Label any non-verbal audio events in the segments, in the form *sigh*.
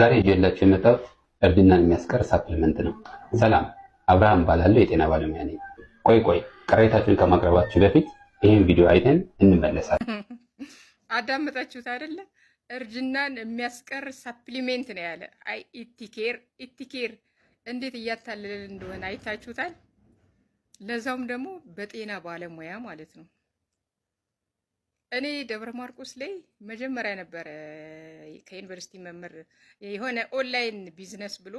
ዛሬ ይዤላችሁ የመጣሁት እብድናን የሚያስቀር ሳፕሊመንት ነው። ሰላም አብርሃም እባላለሁ፣ የጤና ባለሙያ ነኝ። ቆይ ቆይ ቅሬታችሁን ከማቅረባችሁ በፊት ይህን ቪዲዮ አይተን እንመለሳለን። *laughs* አዳመጣችሁት አይደለ? እርጅናን የሚያስቀር ሳፕሊሜንት ነው ያለ። አይ ኢቲኬር ኢቲኬር እንዴት እያታለለ እንደሆነ አይታችሁታል። ለዛውም ደግሞ በጤና ባለሙያ ማለት ነው። እኔ ደብረ ማርቆስ ላይ መጀመሪያ ነበረ ከዩኒቨርሲቲ መምህር የሆነ ኦንላይን ቢዝነስ ብሎ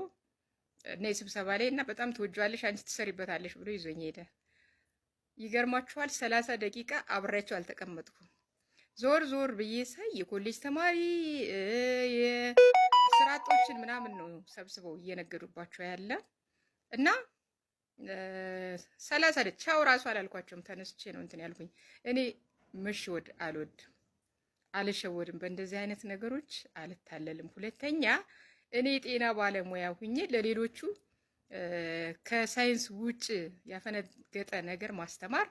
እና የስብሰባ ላይ እና በጣም ትወጇዋለሽ አንቺ ትሰሪበታለሽ ብሎ ይዞኝ ሄደ። ይገርማችኋል፣ ሰላሳ ደቂቃ አብሬያቸው አልተቀመጥኩም። ዞር ዞር ብዬ ሳይ የኮሌጅ ተማሪ የስራ ምናምን ነው ሰብስበው እየነገዱባቸው ያለ እና ሰላሳ ደ ቻው ራሱ አላልኳቸውም። ተነስቼ ነው እንትን ያልኩኝ እኔ መሸወድ አልወድም፣ አልሸወድም። በእንደዚህ አይነት ነገሮች አልታለልም። ሁለተኛ እኔ የጤና ባለሙያ ሁኜ ለሌሎቹ ከሳይንስ ውጭ ያፈነገጠ ነገር ማስተማር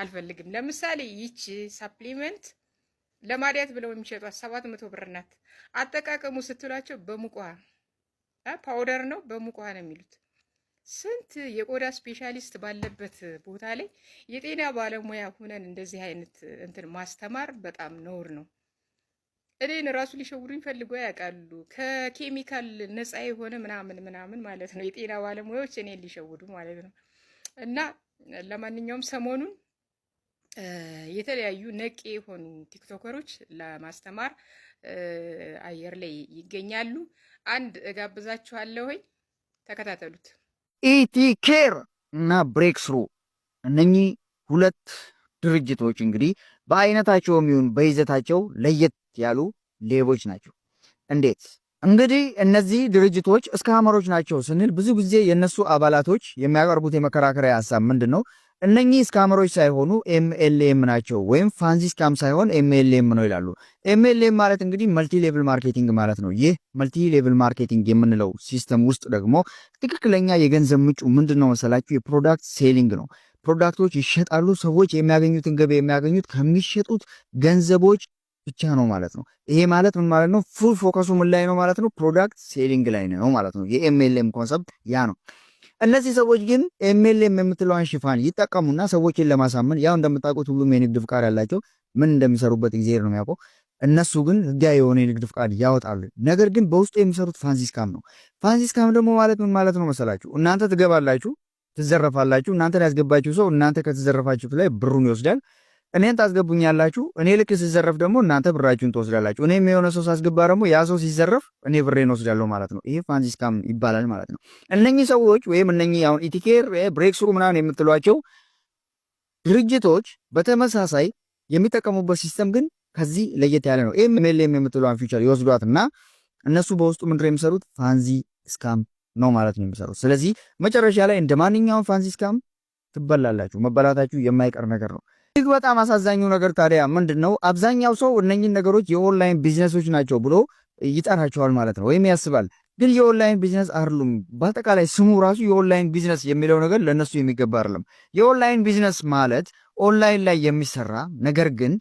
አልፈልግም። ለምሳሌ ይቺ ሳፕሊመንት ለማድያት ብለው የሚሸጧት ሰባት መቶ ብር ናት። አጠቃቀሙ ስትሏቸው በሙቋ ፓውደር ነው በሙቋ ነው የሚሉት ስንት የቆዳ ስፔሻሊስት ባለበት ቦታ ላይ የጤና ባለሙያ ሆነን እንደዚህ አይነት እንትን ማስተማር በጣም ነውር ነው። እኔን ራሱ ሊሸውዱኝ ፈልገው ያውቃሉ። ከኬሚካል ነፃ የሆነ ምናምን ምናምን ማለት ነው። የጤና ባለሙያዎች እኔን ሊሸውዱ ማለት ነው። እና ለማንኛውም ሰሞኑን የተለያዩ ነቄ የሆኑ ቲክቶከሮች ለማስተማር አየር ላይ ይገኛሉ። አንድ እጋብዛችኋለሁኝ፣ ተከታተሉት። ኢቲ ኬር እና ብሬክ ስሩ እነኚህ ሁለት ድርጅቶች እንግዲህ በአይነታቸው የሚሆን በይዘታቸው ለየት ያሉ ሌቦች ናቸው። እንዴት እንግዲህ እነዚህ ድርጅቶች እስካመሮች ናቸው ስንል ብዙ ጊዜ የእነሱ አባላቶች የሚያቀርቡት የመከራከሪያ ሀሳብ ምንድን ነው? እነኚህ ስካመሮች ሳይሆኑ ኤምኤልኤም ናቸው፣ ወይም ፋንሲ ስካም ሳይሆን ኤምኤልኤም ነው ይላሉ። ኤምኤልኤም ማለት እንግዲህ መልቲ ሌቭል ማርኬቲንግ ማለት ነው። ይህ መልቲ ሌቭል ማርኬቲንግ የምንለው ሲስተም ውስጥ ደግሞ ትክክለኛ የገንዘብ ምንጩ ምንድን ነው መሰላችሁ? የፕሮዳክት ሴሊንግ ነው። ፕሮዳክቶች ይሸጣሉ። ሰዎች የሚያገኙትን ገቢ የሚያገኙት ከሚሸጡት ገንዘቦች ብቻ ነው ማለት ነው። ይሄ ማለት ምን ማለት ነው? ፉል ፎከሱ ምን ላይ ነው ማለት ነው? ፕሮዳክት ሴሊንግ ላይ ነው ማለት ነው። የኤምኤልኤም ኮንሰፕት ያ ነው። እነዚህ ሰዎች ግን ኤምኤልኤም የምትለዋን ሽፋን ይጠቀሙና ሰዎችን ለማሳመን ያው እንደምታውቁት ሁሉም የንግድ ፍቃድ አላቸው። ምን እንደሚሰሩበት ጊዜ ነው የሚያውቀው። እነሱ ግን ህጋዊ የሆነ የንግድ ፍቃድ ያወጣሉ። ነገር ግን በውስጡ የሚሰሩት ፋንሲስካም ነው። ፋንሲስካም ደግሞ ማለት ምን ማለት ነው መሰላችሁ? እናንተ ትገባላችሁ፣ ትዘረፋላችሁ። እናንተ ያስገባችሁ ሰው እናንተ ከተዘረፋችሁት ላይ ብሩን ይወስዳል። እኔን ታስገቡኛላችሁ። እኔ ልክ ሲዘረፍ ደግሞ እናንተ ብራችሁን ትወስዳላችሁ። እኔም የሆነ ሰው ሳስገባ ደግሞ ያ ሰው ሲዘረፍ እኔ ብሬን ወስዳለሁ ማለት ነው። ይሄ ፋንሲ ስካም ይባላል ማለት ነው። እነኚህ ሰዎች ወይም እነኚህ አሁን ኢቲኬር፣ ብሬክስሩ ምናምን የምትሏቸው ድርጅቶች በተመሳሳይ የሚጠቀሙበት ሲስተም ግን ከዚህ ለየት ያለ ነው። ኤምኤልኤም የምትለዋን ፊውቸር ይወስዷት እና እነሱ በውስጡ ምንድን የሚሰሩት ፋንዚ ስካም ነው ማለት ነው የሚሰሩት። ስለዚህ መጨረሻ ላይ እንደ ማንኛውም ፋንዚ ስካም ትበላላችሁ። መበላታችሁ የማይቀር ነገር ነው። እጅግ በጣም አሳዛኙ ነገር ታዲያ ምንድን ነው? አብዛኛው ሰው እነኝን ነገሮች የኦንላይን ቢዝነሶች ናቸው ብሎ ይጠራቸዋል ማለት ነው ወይም ያስባል። ግን የኦንላይን ቢዝነስ አይደሉም። በአጠቃላይ ስሙ ራሱ የኦንላይን ቢዝነስ የሚለው ነገር ለእነሱ የሚገባ አይደለም። የኦንላይን ቢዝነስ ማለት ኦንላይን ላይ የሚሰራ ነገር ግን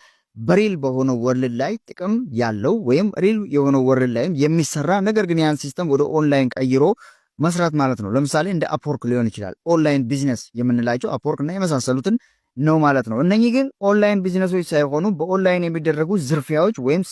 በሪል በሆነው ወርልድ ላይ ጥቅም ያለው ወይም ሪል የሆነው ወርልድ ላይም የሚሰራ ነገር ግን ያን ሲስተም ወደ ኦንላይን ቀይሮ መስራት ማለት ነው። ለምሳሌ እንደ አፕወርክ ሊሆን ይችላል። ኦንላይን ቢዝነስ የምንላቸው አፕወርክ እና የመሳሰሉትን ነው ማለት ነው። እነኚህ ግን ኦንላይን ቢዝነሶች ሳይሆኑ በኦንላይን የሚደረጉ ዝርፊያዎች ወይም